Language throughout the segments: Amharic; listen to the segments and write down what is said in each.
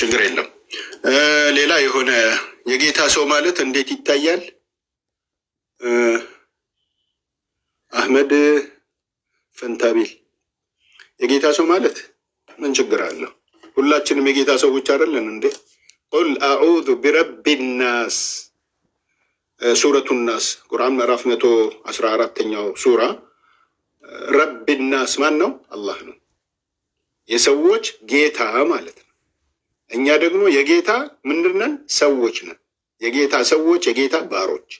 ችግር የለም። ሌላ የሆነ የጌታ ሰው ማለት እንዴት ይታያል? አህመድ ፈንታቢል የጌታ ሰው ማለት ምን ችግር አለው? ሁላችንም የጌታ ሰዎች አይደለን እንዴ? ቁል አዑዙ ቢረቢ ናስ ሱረቱ ናስ ቁርአን ምዕራፍ መቶ አስራ አራተኛው ሱራ ረቢ ናስ ማን ነው? አላህ ነው። የሰዎች ጌታ ማለት ነው። እኛ ደግሞ የጌታ ምንድነን? ሰዎች ነን። የጌታ ሰዎች፣ የጌታ ባሮች።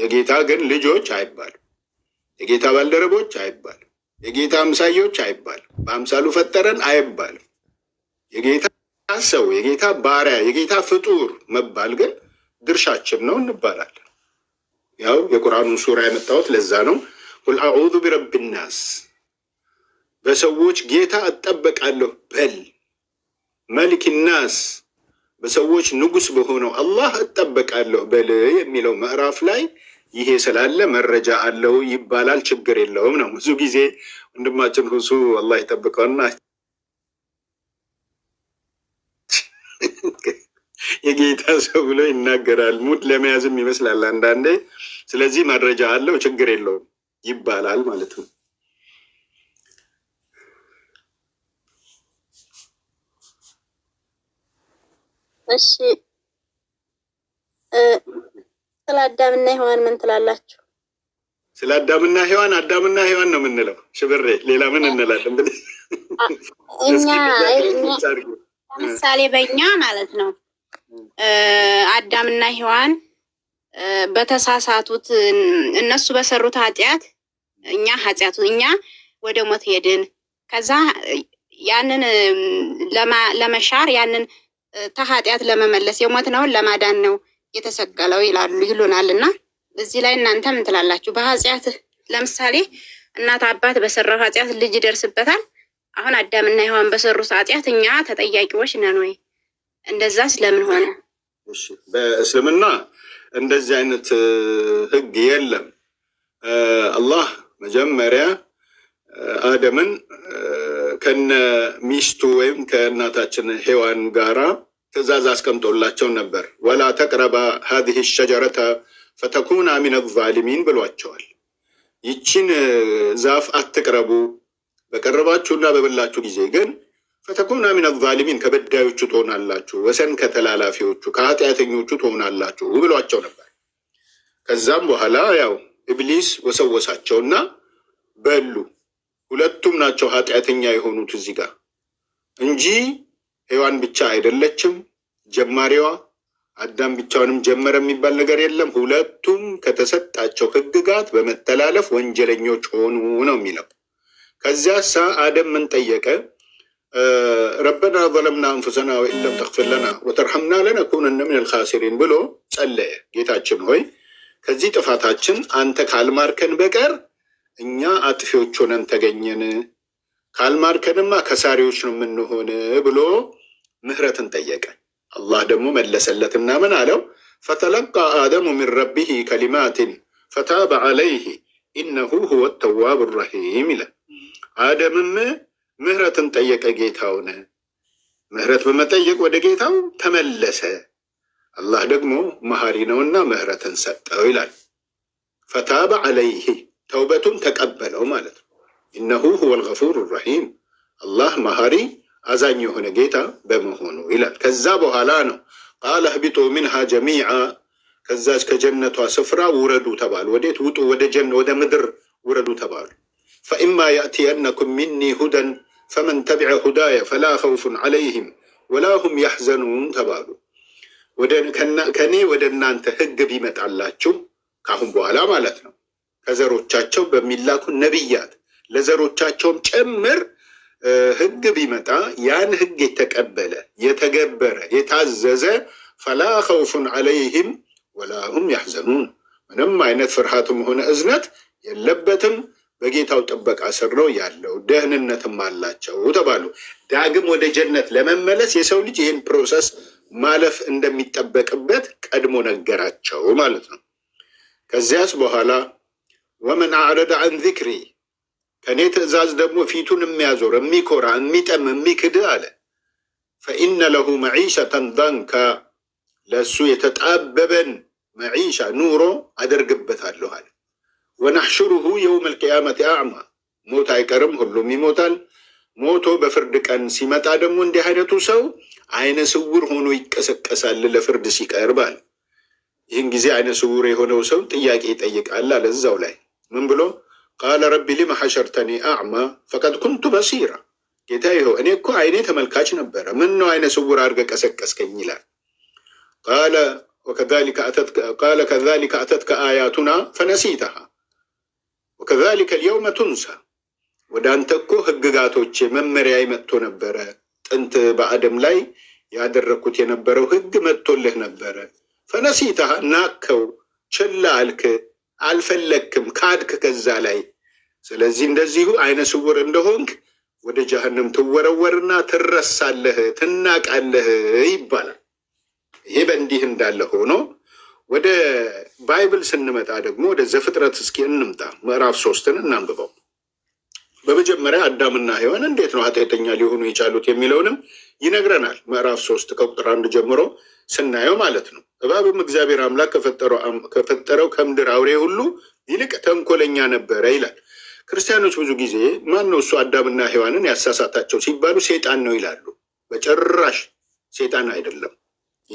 የጌታ ግን ልጆች አይባልም። የጌታ ባልደረቦች አይባልም። የጌታ አምሳዮች አይባልም። በአምሳሉ ፈጠረን አይባልም። የጌታ ሰው፣ የጌታ ባሪያ፣ የጌታ ፍጡር መባል ግን ድርሻችን ነው እንባላለን። ያው የቁርአኑን ሱራ የመጣሁት ለዛ ነው። ቁል አዑዙ ናስ፣ በሰዎች ጌታ እጠበቃለሁ በል መሊኪናስ በሰዎች ንጉስ በሆነው አላህ እጠበቃለሁ በል የሚለው ምዕራፍ ላይ ይሄ ስላለ መረጃ አለው ይባላል። ችግር የለውም ነው። ብዙ ጊዜ ወንድማችን ሁሱ አላህ ይጠብቀውና የጌታ ሰው ብሎ ይናገራል። ሙድ ለመያዝም ይመስላል አንዳንዴ። ስለዚህ መረጃ አለው ችግር የለውም ይባላል ማለት ነው። እሺ ስለ አዳምና ሔዋን ምን ትላላችሁ? ስለ አዳምና ሔዋን አዳምና ሔዋን ነው የምንለው። ሽብሬ ሌላ ምን እንላለን? እኛ ለምሳሌ በእኛ ማለት ነው አዳምና ሔዋን በተሳሳቱት እነሱ በሰሩት ኃጢአት እኛ ኃጢአቱ እኛ ወደ ሞት ሄድን። ከዛ ያንን ለመሻር ያንን ተኃጢአት ለመመለስ ነውን ለማዳን ነው የተሰቀለው ይላሉ ይሉናል። እና እዚህ ላይ እናንተ ምን ትላላችሁ? በኃጢአት ለምሳሌ እናት አባት በሰራው ኃጢአት ልጅ ይደርስበታል። አሁን አዳምና ሔዋን በሰሩት ኃጢአት እኛ ተጠያቂዎች ነን ወይ? እንደዛ ለምን ሆነ? በእስልምና እንደዚህ አይነት ህግ የለም። አላህ መጀመሪያ አደምን ከነ ሚስቱ ወይም ከእናታችን ሔዋን ጋራ ትእዛዝ አስቀምጦላቸው ነበር። ወላ ተቅረባ ሀዚህ ሸጀረተ ፈተኩና ሚነ ዛሊሚን ብሏቸዋል። ይቺን ዛፍ አትቅረቡ፣ በቀረባችሁና በበላችሁ ጊዜ ግን ፈተኩና ሚነ ዛሊሚን ከበዳዮቹ ትሆናላችሁ፣ ወሰን ከተላላፊዎቹ ከኃጢአተኞቹ ትሆናላችሁ ብሏቸው ነበር። ከዛም በኋላ ያው ኢብሊስ ወሰወሳቸውና በሉ ሁለቱም ናቸው ኃጢአተኛ የሆኑት እዚህ ጋር እንጂ ሔዋን ብቻ አይደለችም ጀማሪዋ። አዳም ብቻውንም ጀመረ የሚባል ነገር የለም። ሁለቱም ከተሰጣቸው ሕግጋት በመተላለፍ ወንጀለኞች ሆኑ ነው የሚለው። ከዚያ ሳ አደም ምን ጠየቀ? ረበና ዘለምና አንፉሰና ወኢለም ተክፍር ለና ወተርሐምና ለነኩነነ ሚነል ኻሲሪን ብሎ ጸለየ። ጌታችን ሆይ ከዚህ ጥፋታችን አንተ ካልማርከን በቀር እኛ አጥፊዎች ሆነን ተገኘን፣ ካልማርከንማ ከሳሪዎች ነው የምንሆን ብሎ ምህረትን ጠየቀ። አላህ ደግሞ መለሰለትና ምን አለው? ፈተለቃ አደሙ ሚን ረቢህ ከሊማትን ፈታበ አለይህ ኢነሁ ሁወ ተዋብ ረሂም ይላል። አደምም ምህረትን ጠየቀ ጌታውን። ምህረት በመጠየቅ ወደ ጌታው ተመለሰ። አላህ ደግሞ መሀሪ ነውና ምህረትን ሰጠው ይላል። ፈታበ አለይህ ተውበቱን ተቀበለው ማለት ነው። እነሁ ሁወል ገፉር ረሂም አላህ መሀሪ አዛኝ የሆነ ጌታ በመሆኑ ይላል። ከዛ በኋላ ነው ቃለ ህቢጡ ሚንሃ ጀሚዓ ከዛች ከጀነቷ ስፍራ ውረዱ ተባሉ። ወዴት ውጡ? ወደ ጀን ወደ ምድር ውረዱ ተባሉ። ፈኢማ ያእትየነኩም ሚኒ ሁደን ፈመን ተቢዐ ሁዳየ ፈላ ኸውፉን ዐለይህም ወላ ሁም ያሕዘኑን ተባሉ። ከኔ ወደ እናንተ ህግ ቢመጣላችሁ ካሁን በኋላ ማለት ነው ከዘሮቻቸው በሚላኩ ነቢያት ለዘሮቻቸውም ጭምር ህግ ቢመጣ ያን ህግ የተቀበለ የተገበረ የታዘዘ ፈላ ኸውፉን ዐለይህም ወላሁም ያሕዘኑን ምንም አይነት ፍርሃትም ሆነ እዝነት የለበትም። በጌታው ጥበቃ ስር ነው ያለው፣ ደህንነትም አላቸው ተባሉ። ዳግም ወደ ጀነት ለመመለስ የሰው ልጅ ይህን ፕሮሰስ ማለፍ እንደሚጠበቅበት ቀድሞ ነገራቸው ማለት ነው። ከዚያስ በኋላ ወመን አዕረደ አን ዚክሪ ከእኔ ትእዛዝ ደግሞ ፊቱን የሚያዞር የሚኮራ የሚጠም የሚክድ አለ ፈኢነ ለሁ መዒሸተን ደንከ ለእሱ የተጣበበን መዒሻ ኑሮ አደርግበታለሁ አለ ወናሕሽሩሁ የውም ልቅያመት አዕማ ሞት አይቀርም ሁሉም ይሞታል ሞቶ በፍርድ ቀን ሲመጣ ደግሞ እንዲህ አይነቱ ሰው አይነ ስውር ሆኖ ይቀሰቀሳል ለፍርድ ሲቀርብ ይህን ጊዜ አይነ ስውር የሆነው ሰው ጥያቄ ይጠይቃል አለ እዛው ላይ ምን ብሎ ቃለ ረቢ ሊመ ሐሸርተኒ አዕማ ፈቀድ ኩንቱ በሲራ። ጌታ ይኸው እኔ እኮ አይኔ ተመልካች ነበረ፣ ምን ነው አይነ ስውር አድርገ ቀሰቀስከኝ ይላል። ቃለ ከዛሊከ አተትከ አያቱና ፈነሲተሃ ወከዛሊከ ልየውመ ቱንሳ። ወደ አንተ እኮ ህግጋቶቼ መመሪያ መጥቶ ነበረ። ጥንት በአደም ላይ ያደረግኩት የነበረው ህግ መጥቶልህ ነበረ። ፈነሲተሃ ናከው፣ ችላ አልክ አልፈለክም፣ ካድክ ከዛ ላይ። ስለዚህ እንደዚሁ አይነ ስውር እንደሆንክ ወደ ጀሃንም ትወረወርና ትረሳለህ፣ ትናቃለህ ይባላል። ይህ በእንዲህ እንዳለ ሆኖ ወደ ባይብል ስንመጣ ደግሞ ወደ ዘፍጥረት እስኪ እንምጣ። ምዕራፍ ሶስትን እናንብበው። በመጀመሪያ አዳምና ሔዋን እንዴት ነው ኃጢአተኛ ሊሆኑ የቻሉት የሚለውንም ይነግረናል። ምዕራፍ ሶስት ከቁጥር አንድ ጀምሮ ስናየው ማለት ነው። እባብም እግዚአብሔር አምላክ ከፈጠረው ከምድር አውሬ ሁሉ ይልቅ ተንኮለኛ ነበረ ይላል። ክርስቲያኖች ብዙ ጊዜ ማን ነው እሱ አዳምና ሔዋንን ያሳሳታቸው ሲባሉ ሴጣን ነው ይላሉ። በጭራሽ ሴጣን አይደለም፣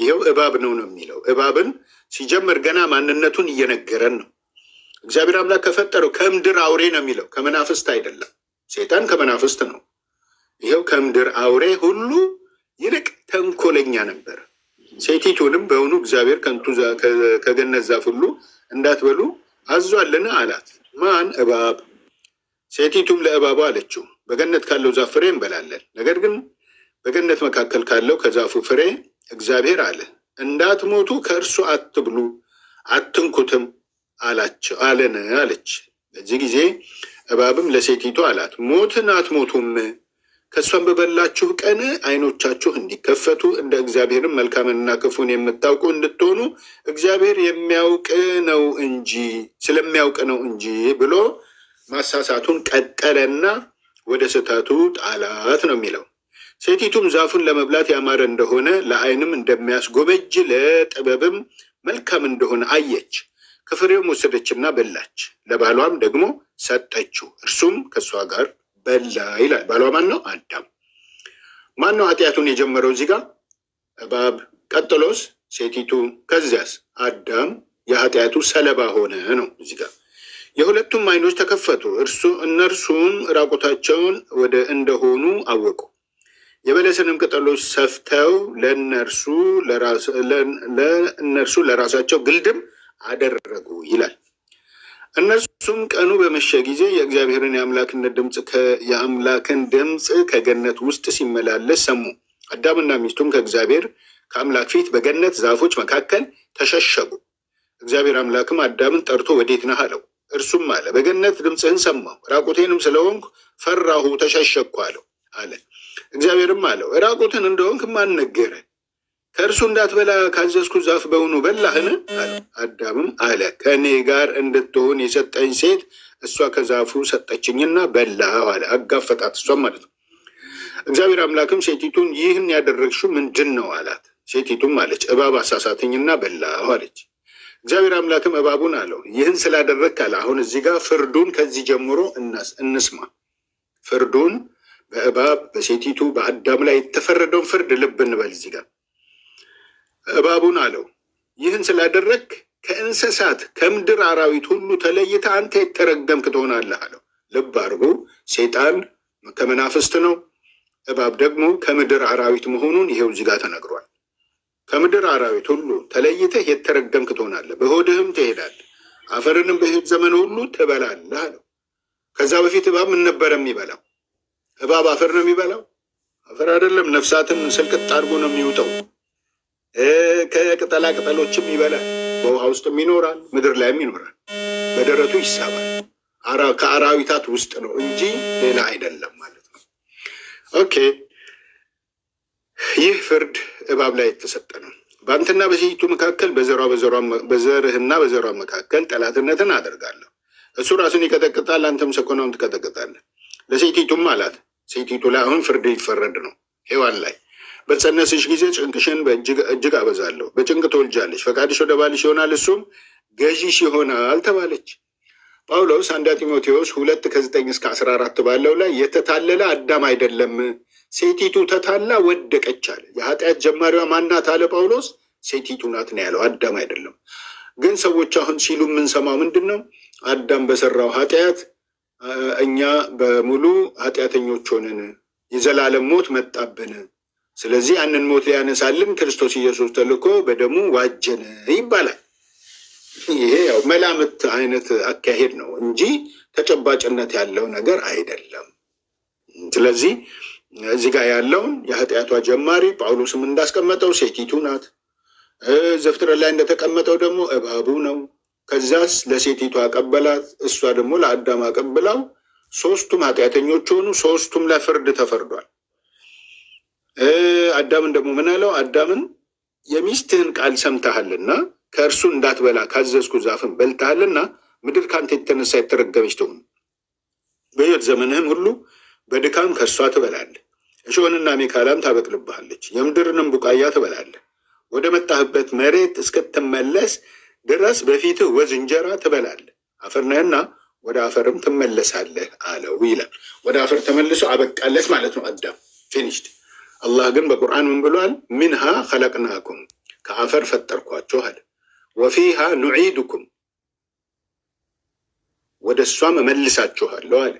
ይኸው እባብ ነው ነው የሚለው። እባብን ሲጀምር ገና ማንነቱን እየነገረን ነው። እግዚአብሔር አምላክ ከፈጠረው ከምድር አውሬ ነው የሚለው፣ ከመናፍስት አይደለም። ሴጣን ከመናፍስት ነው። ይኸው ከምድር አውሬ ሁሉ ይልቅ ተንኮለኛ ነበር። ሴቲቱንም በእውኑ እግዚአብሔር ከገነት ዛፍ ሁሉ እንዳትበሉ አዟልን አላት። ማን? እባብ። ሴቲቱም ለእባቡ አለችው በገነት ካለው ዛፍ ፍሬ እንበላለን። ነገር ግን በገነት መካከል ካለው ከዛፉ ፍሬ እግዚአብሔር አለ እንዳትሞቱ ከእርሱ አትብሉ አትንኩትም አላቸው አለን አለች። በዚህ ጊዜ እባብም ለሴቲቱ አላት ሞትን አትሞቱም ከእሷን በበላችሁ ቀን አይኖቻችሁ እንዲከፈቱ እንደ እግዚአብሔርም መልካምንና ክፉን የምታውቁ እንድትሆኑ እግዚአብሔር የሚያውቅ ነው እንጂ ስለሚያውቅ ነው እንጂ ብሎ ማሳሳቱን ቀጠለና ወደ ስህተቱ ጣላት ነው የሚለው። ሴቲቱም ዛፉን ለመብላት ያማረ እንደሆነ ለአይንም እንደሚያስጎመጅ ለጥበብም መልካም እንደሆነ አየች። ከፍሬውም ወሰደችና በላች፣ ለባሏም ደግሞ ሰጠችው፣ እርሱም ከእሷ ጋር በላ ይላል። ባሏ ማን ነው? አዳም። ማን ነው ኃጢአቱን የጀመረው? እዚህ ጋር እባብ፣ ቀጥሎስ ሴቲቱ፣ ከዚያስ አዳም የኃጢአቱ ሰለባ ሆነ ነው እዚህ ጋር የሁለቱም አይኖች ተከፈቱ፣ እርሱ እነርሱም ራቆታቸውን ወደ እንደሆኑ አወቁ። የበለስንም ቅጠሎች ሰፍተው ለእነርሱ ለራሳቸው ግልድም አደረጉ ይላል። እነሱም ቀኑ በመሸ ጊዜ የእግዚአብሔርን የአምላክነት ድምፅ የአምላክን ድምፅ ከገነት ውስጥ ሲመላለስ ሰሙ። አዳምና ሚስቱም ከእግዚአብሔር ከአምላክ ፊት በገነት ዛፎች መካከል ተሸሸጉ። እግዚአብሔር አምላክም አዳምን ጠርቶ ወዴት ነህ አለው። እርሱም አለ በገነት ድምፅህን ሰማሁ፣ ራቁቴንም ስለሆንኩ ፈራሁ፣ ተሸሸግኩ አለው አለ። እግዚአብሔርም አለው ራቁትን እንደሆንክ ማን ነገረህ? ከእርሱ እንዳትበላ ካዘዝኩ ዛፍ በውኑ በላህን? አዳምም አለ ከእኔ ጋር እንድትሆን የሰጠኝ ሴት እሷ ከዛፉ ሰጠችኝና በላ አለ። አጋፈጣት፣ እሷም ማለት ነው። እግዚአብሔር አምላክም ሴቲቱን ይህን ያደረግሽው ምንድን ነው አላት። ሴቲቱም አለች እባብ አሳሳተኝና በላሁ አለች። እግዚአብሔር አምላክም እባቡን አለው ይህን ስላደረግ ካለ አሁን እዚህ ጋር ፍርዱን ከዚህ ጀምሮ እንስማ። ፍርዱን በእባብ በሴቲቱ በአዳም ላይ የተፈረደውን ፍርድ ልብ እንበል እዚህ ጋር እባቡን አለው፣ ይህን ስላደረግ ከእንስሳት ከምድር አራዊት ሁሉ ተለይተ አንተ የተረገምክ ትሆናለህ አለው። ልብ አድርጉ፣ ሴጣን ከመናፍስት ነው፣ እባብ ደግሞ ከምድር አራዊት መሆኑን ይሄው እዚህ ተነግሯል። ከምድር አራዊት ሁሉ ተለይተህ የተረገምክ ትሆናለህ፣ በሆድህም ትሄዳለህ፣ አፈርንም በሕይወት ዘመን ሁሉ ትበላለህ አለው። ከዛ በፊት እባብ ምን ነበረ የሚበላው? እባብ አፈር ነው የሚበላው? አፈር አይደለም፣ ነፍሳትን ስልቅጥ አድርጎ ነው የሚውጠው። ከቅጠላ ቅጠሎችም ይበላል። በውሃ ውስጥም ይኖራል፣ ምድር ላይም ይኖራል። በደረቱ ይሳባል። ከአራዊታት ውስጥ ነው እንጂ ሌላ አይደለም ማለት ነው። ኦኬ ይህ ፍርድ እባብ ላይ የተሰጠ ነው። በአንተና በሴቲቱ መካከል በዘርህና በዘሯ መካከል ጠላትነትን አደርጋለሁ። እሱ ራሱን ይቀጠቅጣል፣ አንተም ሰኮናውን ትቀጠቅጣለህ። ለሴቲቱም አላት። ሴቲቱ ላይ አሁን ፍርድ ሊፈረድ ነው ሔዋን ላይ በጸነስሽ ጊዜ ጭንቅሽን እጅግ አበዛለሁ፣ በጭንቅ ትወልጃለሽ፣ ፈቃድሽ ወደ ባልሽ ይሆናል፣ እሱም ገዢሽ ይሆናል ተባለች። ጳውሎስ አንዳ ጢሞቴዎስ ሁለት ከዘጠኝ እስከ አስራ አራት ባለው ላይ የተታለለ አዳም አይደለም ሴቲቱ ተታላ ወደቀች አለ። የኃጢአት ጀማሪዋ ማናት አለ ጳውሎስ? ሴቲቱ ናት ነው ያለው፣ አዳም አይደለም። ግን ሰዎች አሁን ሲሉ የምንሰማው ምንድን ነው? አዳም በሰራው ኃጢአት እኛ በሙሉ ኃጢአተኞች ሆንን፣ የዘላለም ሞት መጣብን ስለዚህ ያንን ሞት ሊያነሳልን ክርስቶስ ኢየሱስ ተልኮ በደሙ ዋጀን ይባላል። ይሄ ያው መላምት አይነት አካሄድ ነው እንጂ ተጨባጭነት ያለው ነገር አይደለም። ስለዚህ እዚህ ጋር ያለውን የኃጢአቷ ጀማሪ ጳውሎስም እንዳስቀመጠው ሴቲቱ ናት። ዘፍጥረት ላይ እንደተቀመጠው ደግሞ እባቡ ነው። ከዛስ ለሴቲቱ አቀበላት፣ እሷ ደግሞ ለአዳም አቀብላው፣ ሶስቱም ኃጢአተኞች ሆኑ። ሶስቱም ለፍርድ ተፈርዷል። አዳምን ደግሞ ምን አለው? አዳምን የሚስትህን ቃል ሰምተሃልና ከእርሱ እንዳትበላ ካዘዝኩ ዛፍን በልተሃልና ምድር ከአንተ የተነሳ የተረገመች ትሁን፣ በሕይወት ዘመንህም ሁሉ በድካም ከእርሷ ትበላለህ። እሾህንና ሜካላም ታበቅልብሃለች፣ የምድርንም ቡቃያ ትበላለህ። ወደ መጣህበት መሬት እስክትመለስ ድረስ በፊትህ ወዝ እንጀራ ትበላለህ፣ አፈር ነህና ወደ አፈርም ትመለሳለህ አለው ይላል። ወደ አፈር ተመልሶ አበቃለት ማለት ነው። አዳም ፊኒሽድ አላህ ግን በቁርአን ምን ብሏል? ሚንሃ ኸለቅናኩም ከአፈር ፈጠርኳችሁ አለ። ወፊሃ ኑዒድኩም ወደ እሷም እመልሳችኋለሁ አለ።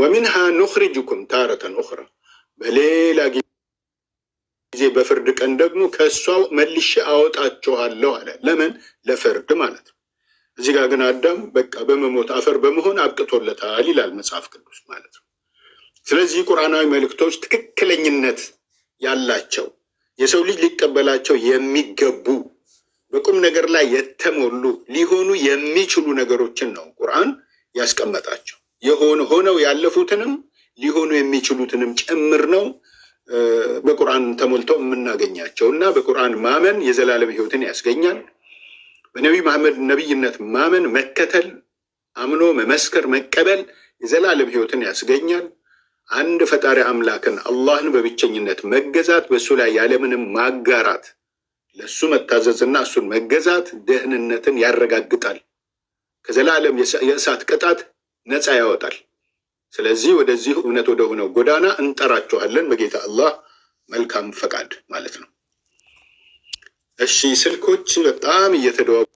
ወሚንሃ ኑኽሪጅኩም ታረተን ኡኽራ በሌላ ጊዜ በፍርድ ቀን ደግሞ ከእሷው መልሼ አወጣችኋለሁ አለ። ለምን? ለፍርድ ማለት ነው። እዚህ ጋር ግን አዳም በቃ በመሞት አፈር በመሆን አብቅቶለታል ይላል መጽሐፍ ቅዱስ ማለት ነው። ስለዚህ ቁርአናዊ መልእክቶች ትክክለኝነት ያላቸው የሰው ልጅ ሊቀበላቸው የሚገቡ በቁም ነገር ላይ የተሞሉ ሊሆኑ የሚችሉ ነገሮችን ነው ቁርአን ያስቀመጣቸው። የሆነ ሆነው ያለፉትንም ሊሆኑ የሚችሉትንም ጭምር ነው በቁርአን ተሞልተው የምናገኛቸው እና በቁርአን ማመን የዘላለም ህይወትን ያስገኛል። በነቢይ መሐመድ ነቢይነት ማመን፣ መከተል፣ አምኖ መመስከር፣ መቀበል የዘላለም ህይወትን ያስገኛል። አንድ ፈጣሪ አምላክን አላህን በብቸኝነት መገዛት በእሱ ላይ ያለምንም ማጋራት ለእሱ መታዘዝና እሱን መገዛት ደህንነትን ያረጋግጣል። ከዘላለም የእሳት ቅጣት ነፃ ያወጣል። ስለዚህ ወደዚህ እውነት ሆነው ጎዳና እንጠራችኋለን በጌታ አላህ መልካም ፈቃድ ማለት ነው። እሺ ስልኮች በጣም እየተደዋ